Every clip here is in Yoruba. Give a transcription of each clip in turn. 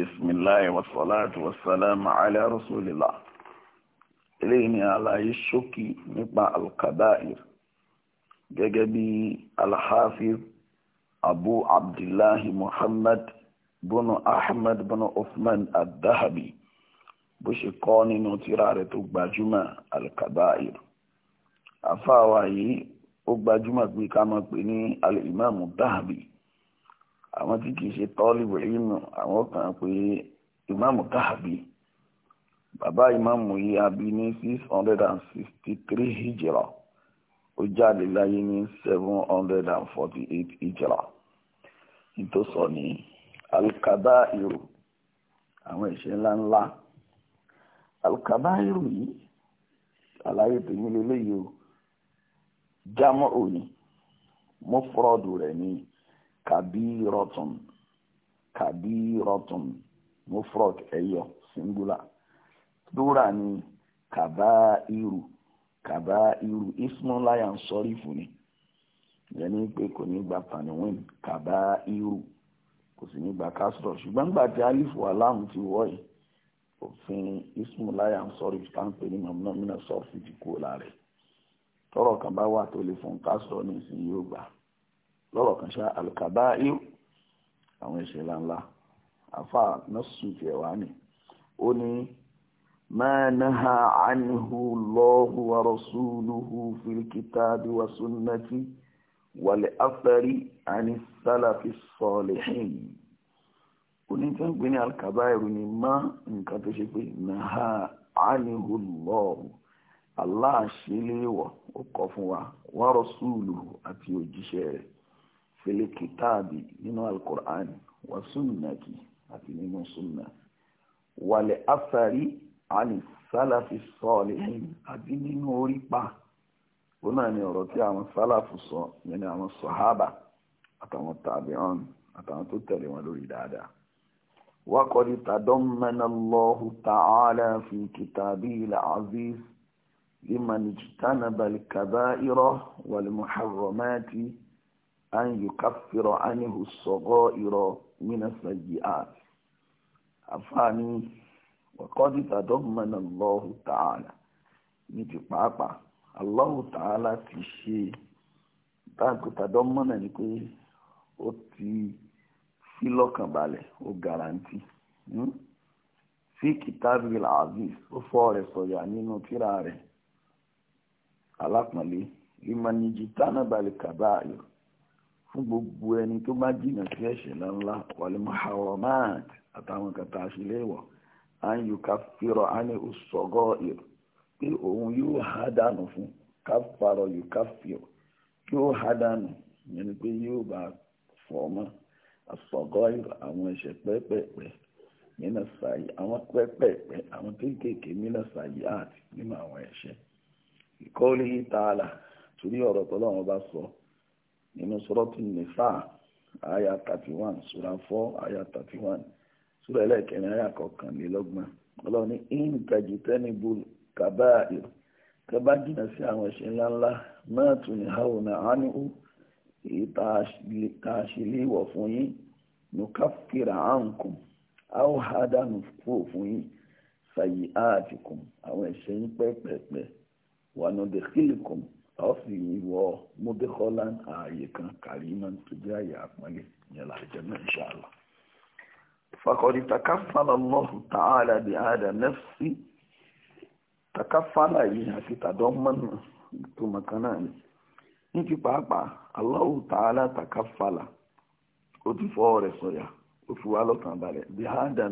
بسم الله والصلاة والسلام على رسول الله إليني على الشكي نبع القبائر جاجبي الحافظ أبو عبد الله محمد بن أحمد بن عثمان الذهبي بشقاني نترارة بجمع الكبائر أفاوهي أبجمع بكما بني الإمام الذهبي àwọn tí kìí ṣe tọ́lìbù ìmù àwọn kan pé ìmáàmù káàbí bàbá ìmáàmù yìí abí ní six hundred and sixty three hijira ó jáde láyé ní seven hundred and forty eight hijira nítòsọ ní alukada irú àwọn ẹ̀ṣẹ̀ ńláńlá alukada irú yìí àlàyé tèmi lélẹ́yìí o jámọ́ òní mọ́fúrọ́dù rẹ̀ ní kabiratun kabiratun mufrad ẹyọ singular dúrà ni kabairu kabairu ismun láyàn sọrí fún ni yẹn ní pé kò ní gba tanwin kabairu kò sì ní gba kásìrọ̀ ṣùgbọ́n nígbà tí alifu aláàmù ti wọ̀ yìí òfin ismu láyà ń sọ̀rọ̀ ìtànpẹ ní mọmọmọ náà sọọfì ti kú lára ẹ tọrọ kan bá wà tó lè fún kásìrọ̀ ní ìsinyìí yóò gbà lọ́rọ̀ kan ṣá alkabair àwọn ẹ̀ṣẹ̀ ńláńlá afa nasu tiẹ̀wání ó ní ma naha anhu Allahu wa rasuluhu fil kitabi wa sunnati ani salafi salihin onítẹ̀gbẹ́ ní alkabair ni má nǹkan tó ṣe pé naha anhu Allahu aláàṣẹ́lẹ́wọ̀ ó kọ fún wa wa rasuluhu àti òjíṣẹ́ في الكتاب من القرآن والسنة أتنين السنة ولأثر عن السلف الصالحين أتنين ريبا هنا نورتي عن السلف الصالحين يعني الصحابة أتنى التابعون أتنى تتلي ولوري دادا وقد تضمن الله تعالى في كتابه العزيز لمن اجتنب الكبائر والمحرمات an yukaffira anhu as-sagha'ira min as-sayyi'at àfààní wàkọ́dí tàdọ́mọ̀nà Allahu ta'ala ní ti pàápàá Allahu ta'ala ti ṣe táàkù tàdọ́mọ̀nà ni pé ó ti fi lọ́kànbalẹ̀ ó garanti fi kìtàbí al-aziz ó fọ́ rẹ̀ sọ̀yà nínú tíra rẹ̀ alápọ̀nlé ìmọ̀nìjì tánàbàlì fún gbogbo ẹni tó bá jìnà sí ẹ̀ṣẹ̀ ńláńlá wàlímọ̀ àtàwọn kàtà àṣìléwọ̀ à ń yù ká ìrù pé òun yóò há dànù fún ká yù yóò há dànù ìyẹn ni pé yóò bá fọ̀ mọ́ àsọ̀gọ́ àwọn ẹ̀ṣẹ̀ nínú àwọn àwọn kéékèèké nínú sàyí nínú sọ́rọ́tún nìfà àyà 31 sura 4 àyà 31 sura ẹlẹ́ẹ̀kẹrin àyà kọkànlélọ́gbọ̀n ọlọ́run in ìǹkàjì tẹ́nibù kàbáàìr kaba jìnnà sí àwọn ẹ̀ṣẹ̀ ńláńlá náà tún ní haúnà ánìhù èyí tá a ṣe léèwọ̀ fún yín nùkàfìrà àǹkùn áwòhádà nùkú fún yín sàyí àtìkùn àwọn ẹ̀ṣẹ̀ yín pẹ́pẹ́pẹ́ wà nùdẹ̀kìlìkùn ọ sì wọ mọdékọlan ààyè kan kàrímà tó jẹ àyè àpọnlé yẹlẹ àjẹmọ ìṣàlọ. ta'ala takafala yìí akịta tàdọ́mọ́nà tó mọ̀kánná ni ní ta'ala takafala ó ti fọ́ rẹ̀ sọ̀yà ó fi wá lọ́kàn balẹ̀ bí àdà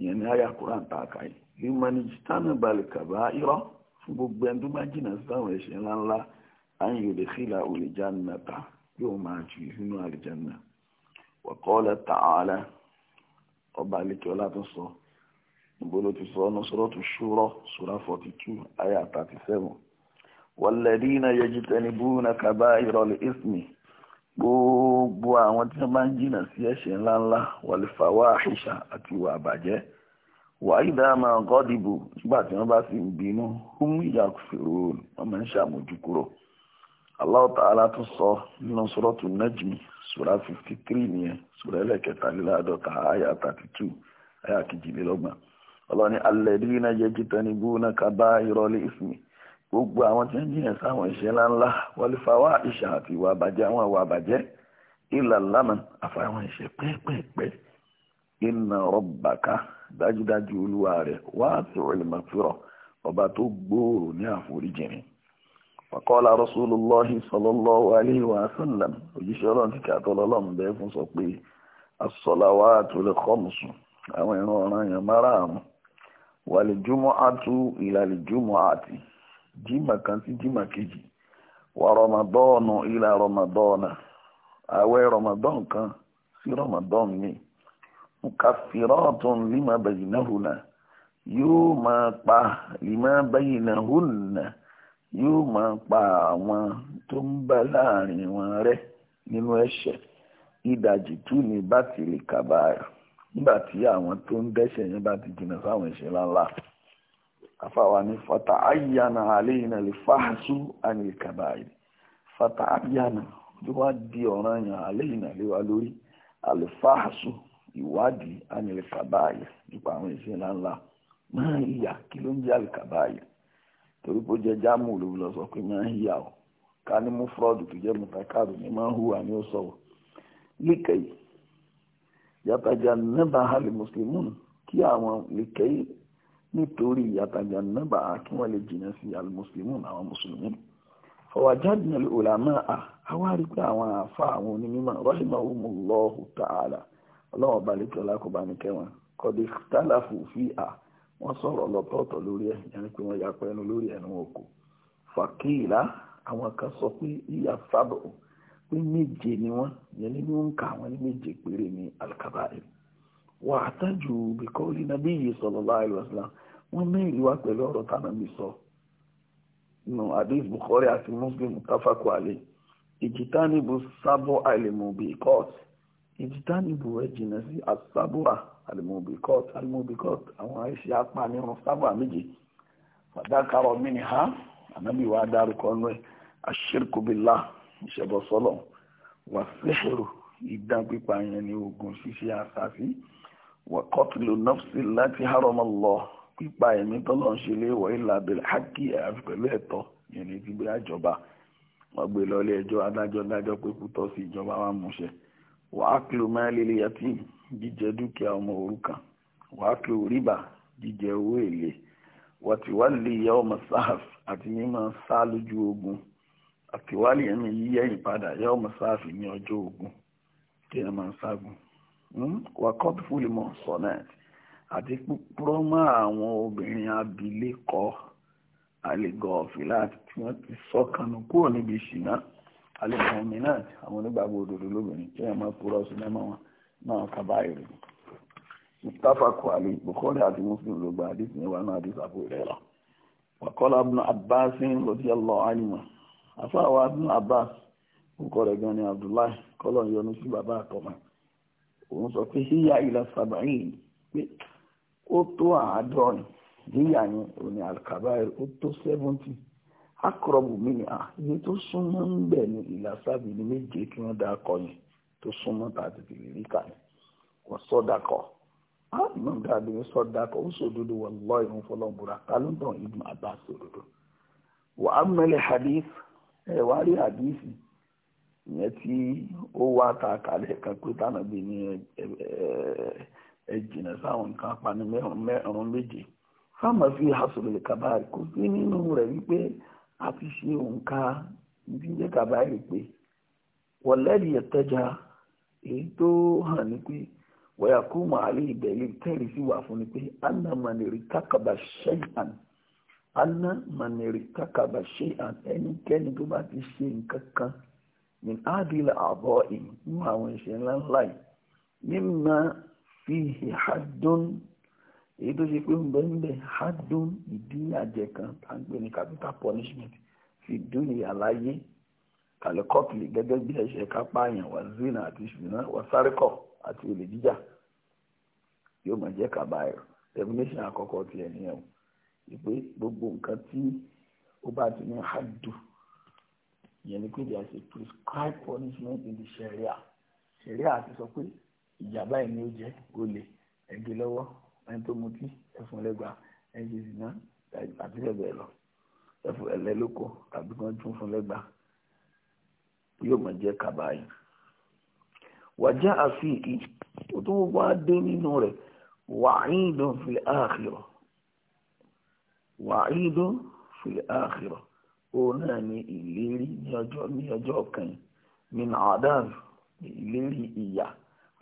ìyẹn ní àyà Quran tá a kà yìí limanijitana balẹ̀ kaba irọ́ fún gbogbo ẹni tó bá jìnnà sáwọn ẹ̀ṣẹ̀ ńláńlá àyìn yóò lè xìlà olùjánata yóò máa ju inú àlìjánná wa qala ta'ala ọba àlekẹ́ọ́lá tó sọ níbo ló ti sọ ọ́nà suratu Shura sura forty two àyà thirty seven walladina yajtanibuna kaba'iral ismi. gbogbo àwọn tí wọ́n bá ń jìnà sí ẹ̀ṣẹ̀ ńláńlá wàlífàwà àṣìṣà àti ìwà àbàjẹ́ wàhídà máa gọ́dìbò nígbà tí wọ́n bá sì ń bínú húmú ìyàkùfèrò wọ́n máa ń ṣàmójú kúrò Allahu sọ nínú Suratu Najmi sura fifty three nìyẹn sura àyà thirty two àyà gbogbo àwọn tí ń jìyàn sáwọn iṣẹ́ ńláńlá wọlífàwà ìṣà àti ìwà àbàjẹ́ àwọn ìwà àbàjẹ́ ìlà lánà àfàwọn iṣẹ́ pẹ́ẹ́pẹ́ẹ́pẹ́ iná rọ́bàká dájúdájú olúwa rẹ̀ wá àti ìrìnàfúrọ̀ ọba tó gbòòrò ní àforíjìnrín wàkọ́lá rọ́súlùlọ́hì sọlọ́lọ́wọ́ aléwà sálàm òjíṣẹ́ ọlọ́run ti jima kan sí jimá kejì wà rọmọdọ́ọ̀nù ilà rọmọdọ́ọ̀nà àwẹ̀ rọmọdọ́ọ̀n kan si rọmọdọ́ọ̀n ni mukafirọ́ọ̀tún lima bẹ̀yìnàhùnà yóò máa pa lima bẹ̀yìnàhùnà yóò máa pa àwọn tó ń bá láàrin wọn rẹ́ nínú ẹ̀ṣẹ̀ ìdajì tún ní bátìrì kàbáyà nígbà tí àwọn tó ń dẹ́ṣẹ̀ yẹn bá ti jìnnà afáwa ní fata ayyana aléyìnà lè fáhásù àní kàbáyìí fata ayyana ló wá di ọ̀ràn yàn aléyìnà lè wá lórí àlè fáhásù ìwádìí àní kàbáyìí nípa àwọn ìṣe ńláńlá máa ìyà kí ló ń jẹ́ àlè kàbáyìí torí pé ó jẹ́ jámù ló lọ sọ pé máa ìyà o ká ní mú fúrọ́ọ̀dù tó jẹ́ mùtàkàrù ní máa hùwà ní ó sọ̀rọ̀ líkẹ̀yì yàtàjà nẹ́bàá hàlì mùsùlùmí kí àwọn líkẹ̀yì nítorí àtàjà nábà kí wọ́n lè jìnnà sí alimuslimun àwọn mùsùlùmí fọwájádìnà ulama à awárí pé àwọn àfa àwọn onímọ̀ rahimahumullahu ta'ala ọlọ́wọ́n balẹ̀kẹ́ lákòbá ní kẹwọn kọ́dí tálàfù fi à wọ́n sọ̀rọ̀ lọ́tọ̀ọ̀tọ̀ lórí ẹ̀ yẹn pé wọ́n yapa ẹnu lórí ẹnu oko fàkìlá àwọn kan sọ pé ìyá sábọ̀ pé méje ni wọ́n yẹn nínú ń kà wọ́n ní méje péré ní alkabair wà á tájù bíkọ́lì nàbí yìí sallallahu wọ́n mẹ́rin wá pẹ̀lú ọ̀rọ̀ tánàbí sọ nù hadith bukhari àti muslim tafaku ali ìjìtánìbù sábọ àìlèmọ̀bì court ìjìtánìbù ẹ̀ jìnà sí àsábọ̀à àìlèmọ̀bì court àìlèmọ̀bì court àwọn àìṣe apanirun sábà méje fàdákàrọ̀ mìíní ha ànábì wa dárúkọ nù ẹ̀ àṣírkù billah ìṣẹ̀bọ̀ sọ́lọ̀ wà sẹ́hẹ̀rù ìdán pípa yẹn ní ogun ṣíṣe àṣàfi wà kọ́tùlù nọ́fṣì láti haram pípa ẹ̀mí tọ́lọ́ ń ṣe léwọ̀ ìlàbẹ̀lẹ̀ hákì àfi pẹ̀lú ẹ̀tọ́ yẹn ní ti gbé àjọba wọ́n gbé lọ ilé ẹjọ́ adájọ́ dájọ́ pé kútọ́ sí ìjọba wa múṣẹ wàá kìlò máa lè lè yàtí jíjẹ dúkìá ọmọ òrukàn wàá kìlò rìbá jíjẹ owó èlé wàtíwálì ìyá ọmọ sáf àti mímọ sá lójú ogun àtiwálì ẹ̀mí yíyẹ̀yìn padà ìyá ọmọ sáf ní ọjọ́ ogun kí ẹ máa ságun wàkọ́tù fúlìmọ̀ sọ̀nẹ́ẹ̀tì àti púpọ̀ mọ́ àwọn obìnrin abilékọ aligọ̀ọ̀fìlà tí wọ́n ti sọ́kànnù kúrò níbi ìṣìná aligọ̀ọ̀mìnàt àwọn onígbàgbọ́ òdodo lóbìnrin tí wọ́n máa purọ́ sí mẹ́mọ́ wọn náà kábà èrè mustapha kwali bukhari àti muslim ló gba àdìs ní wa náà àdìs àbò rẹ̀ lọ wàkọ́lá ibn abbas radiyallahu anhu àfáàwọ̀ ibn abbas orúkọ rẹ̀ gan ni abdullahi kọ́lọ̀ yọ́nú sí bàbá àtọ́mọ́ òun sọ pé híyà ila sab'in pé ó tó àádọ́rin díyà ni òní ó tó seventy akọrọbù mi ni à iye tó súnmọ́ ń bẹ̀ ni ìlàsábì ní méje kí wọ́n dá akọ yẹn tó súnmọ́ tàbí tìrì ríkà wọ́n sọ́dàkọ̀ á ìmọ̀n dáadé ní sọ́dàkọ̀ wọ́n lọ́ ta ẹ jìnà sáwọn nǹkan apani mẹ́rùn méje fáwọn fi hasòlè kàbáyé kò sí nínú rẹ̀ wípé a ti ṣe òǹkà ìdíje kàbáyé pé wọ̀lẹ́rì ẹ̀tẹ́já èyí tó hàn ní pé wọ́yà kú màálí ìbẹ̀lẹ̀ tẹ́rì sí wà fún ni pé anna maniri takaba shay'an anna maniri takaba shay'an ẹnikẹ́ni tó bá ti ṣe nǹkan kan ní adìlẹ̀ àbọ̀ ìnú àwọn ìṣẹ̀lẹ̀ ńlá yìí mímọ́ fíhì haddun èyí tó ṣe pé ń bẹ ń bẹ haddun ìdí àjẹ kan tá ń pè ní capital punishment fi dúnìyà láyé kàlẹ́kọ́pìlì gẹ́gẹ́ bí ẹ̀ṣẹ̀ kápá àyàn wà zina àti ṣùnà wà sárẹ́kọ̀ àti olè jíjà yóò máa jẹ́ kàbáyọ̀ definition àkọ́kọ́ ti ẹni ẹ̀wọ̀n ìpè gbogbo nǹkan tí ó bá ti ní haddu ìyẹn ni pé there is a prescribed punishment in the sharia sharia ti sọ pé ìjà báyìí ni ó jẹ́ olè ẹgbẹ́ lọ́wọ́ ẹni tó mutí ẹfun lẹ́gbàá ẹni tó zìnà àti bẹ́ẹ̀ bẹ́ẹ̀ lọ ẹfun ẹlẹ́ lóko tàbí kan tún fún lẹ́gbàá yóò mọ̀ jẹ́ kàbáyé wàjá àfihì ó tún wá dé nínú rẹ̀ wàhíìdùn fil akhirah wàhíìdùn fil akhirah òun náà ni ìlérí ní ọjọ́ ní ọjọ́ kan min adab ìlérí ìyà.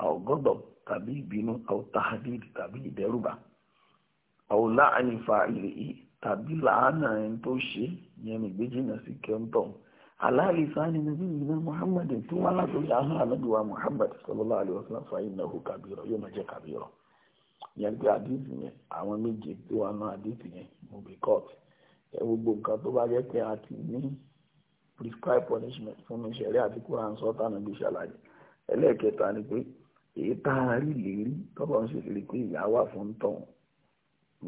àwọ̀gọ́dọ̀ tàbí tabi àwòtàhádìrì tàbí ìdẹ́rùbà àwòláàánì fa ilé yìí tàbí làánà ẹni tó ṣe yẹn nìgbéjìnà sí kẹ́ńtọ̀ aláàlì sáni nàbí ìgbìmọ̀ muhammad tó wá látòrí ahọ́n muhammad sallallahu alaihi wasallam fa innahu kabira yóò máa jẹ́ a ti ní prescribed punishment mi e tá a rí lérí tọ́lọ́ ń ṣèlérí pé ìyá wà fún tán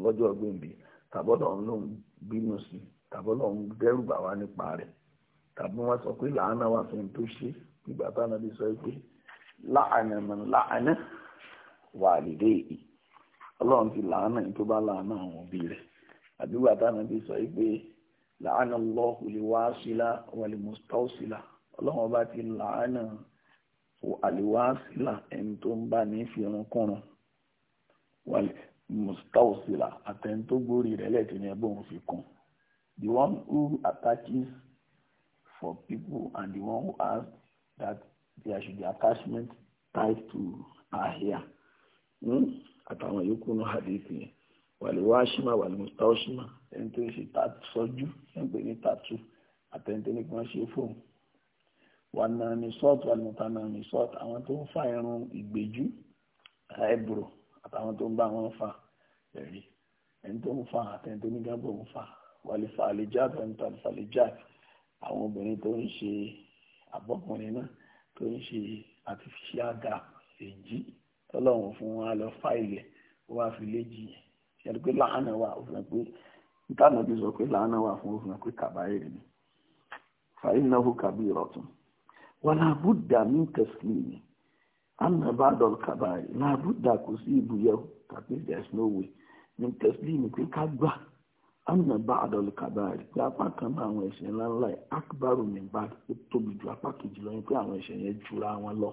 lọ́jọ́ gbèǹde tàbọ́lọ̀ ń lòun bínú sí tàbọ́lọ̀ ń dẹ́rù wá nípa rẹ̀ tàbí wọ́n sọ pé làánà wà fún tó ṣe nígbà táwọn sọ pé láàánà mọ̀ láàánà wà lédè yìí ọlọ́run ti làánà tó bá làánà àwọn òbí rẹ̀ àdúgbà táwọn ẹbí sọ pé làánà wá àlìwáṣílà ẹni tó ń bá ní fi irun kúrun wàlẹ̀ mustausila àtẹni tó gbórí rẹ̀ lẹ́tì ní ẹgbẹ́ fi kún the one who attaches for people and the one who has that there should be attachment tied to her hair hmm? àtàwọn yòókù náà hadith yẹn wàlíwáṣímà wàlímùstáwṣímà ẹni tó ń ṣe sọ́jú ẹni pé ní tàtú àtẹni tó ní kí wọ́n ṣe fóun wanamisọ́t wanmutanamisọ́t àwọn tó ń fa irun ìgbéjú ẹ̀bùrò àtàwọn tó ń bá wọn fa ẹ̀rí ẹni tó ń fa àtẹni tó ní gábọ̀ ń fa wàlífà àlejàt wàlífà àlejàt àwọn obìnrin tó ń ṣe àbọ̀kùnrin náà tó ń ṣe artificial gap èjì tọ́lọ́run fún wa lọ fáìlì wá fi léjì ṣẹlẹ̀ pé láàánà wà òfin pé nítorí àwọn ti sọ pé láàánà wà fún òfin pé kàbáyé rẹ̀ ni fàyínà hù kàbí ìrọ̀tún. Buddha, wàlábùdà mí tẹ̀sílìmì anna badal kabari làbùdà kò sí ibùyẹ̀wò tàbí there's no way mí tẹ̀sílìmì pé ká gbà anna badal kabari pé apá kan náà àwọn ẹ̀ṣẹ̀ ńláńlá yìí akbaru mi bá ó tóbi ju apá kejì lọ pé àwọn ẹ̀ṣẹ̀ yẹn jura wọn lọ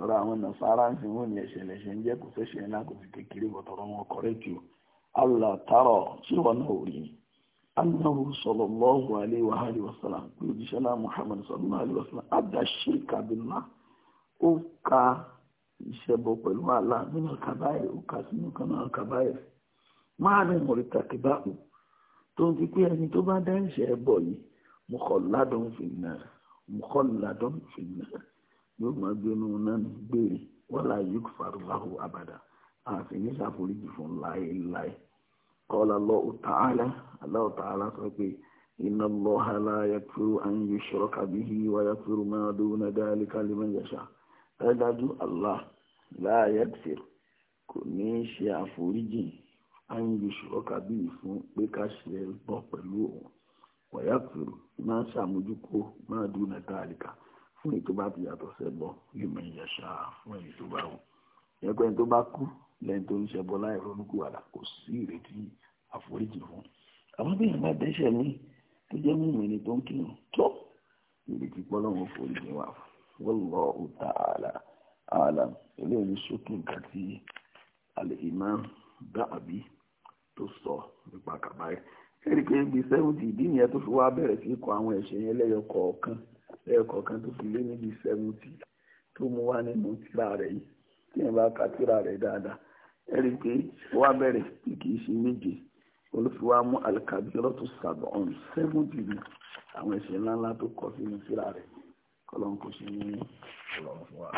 ọ̀rọ̀ àwọn nasara ń sin wọn ní ẹ̀ṣẹ̀ lẹ̀ṣẹ̀ ń jẹ́ kò sẹ́ṣẹ̀ ńlá kò sì kékeré bọ̀tọ̀rọ̀ wọn kọ̀rẹ́ ju allah tarọ̀ ṣé wọn náà ò rí ni annahu sallallahu alaihi wa alihi wa sallam pé òjíṣẹ́ náà muhammad sallallahu alaihi wa sallam abda shirka billah ó ka ìṣẹbọ pẹ̀lú àlá nínú kàbáyé ó kà sínú kan náà kàbáyé máa ní mọ̀rítà kìbáàkù tó ń ti pé ẹni tó bá dá ẹ̀ṣẹ̀ ẹbọ yìí mọ̀kànládùn fìnnà mọ̀kànládùn fìnnà yóò máa gbénu e, náà ní gbére wọ́n láyé fàrúwáhù àbàdà àfi ní sàforíjì fún láéláé قال الله تعالى الله تعالى سبحانه إن الله لا يغفر أن يشرك به ويغفر ما دون ذلك لمن يشاء dájú Allah la yaghfir kò ní ṣe àforíjì an yushro kabi fún pé ká ṣe bọ pẹ̀lú òun wa yaghfir máa ṣàmójúkó máa dúnà dáríkà ẹgbẹ́ tó bá kú lẹ́yìn tó ń ṣẹbọ láì ronúkú wàrà kò sí ìrètí àforíjì fún àwọn bí èèyàn bá ní tó jẹ́ mú tó ń kírun tó ìrètí foríjì wà sókè nǹkan tí al-imam tó sọ nípa pé ibi ìdí nìyẹn tó fi wá bẹ̀rẹ̀ sí kọ àwọn ẹ̀ṣẹ̀ yẹn lẹ́yọ kọ̀ọ̀kan lẹ́yọ kọ̀ọ̀kan tó fi lé níbi tó mú wá tí ẹ bá kàtúrà rẹ̀ dáadáa ẹ rí i pé wá bẹ̀rẹ̀ tí kì ṣe méje olùfiwá mú alikabirọ tó sàbọ̀ ọ̀hún sẹ́fúntì ni àwọn ẹ̀ṣẹ̀ ńláńlá tó kọ rẹ̀ kọ́lọ́n kò ṣe ní fún wa